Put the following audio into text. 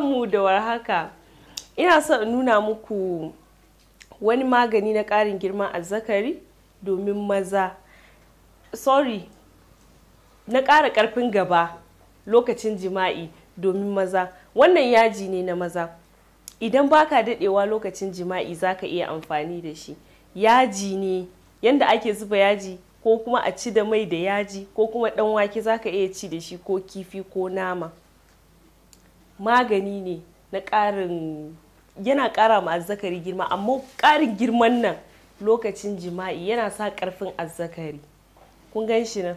mu da warhaka ina son in nuna muku wani magani na ƙarin girman azzakari domin maza sorry na ƙara ƙarfin gaba lokacin jima'i domin maza wannan yaji ne na maza idan baka daɗewa lokacin jima'i za ka iya amfani da shi yaji ne yanda ake zuba yaji ko kuma a ci da mai da yaji ko kuma ɗan wake ka iya ci da shi ko kifi ko nama magani ne na ƙarin yana ƙara ma azzakari girma amma ƙarin girman nan lokacin jima'i yana sa ƙarfin azzakari kun gan shi nan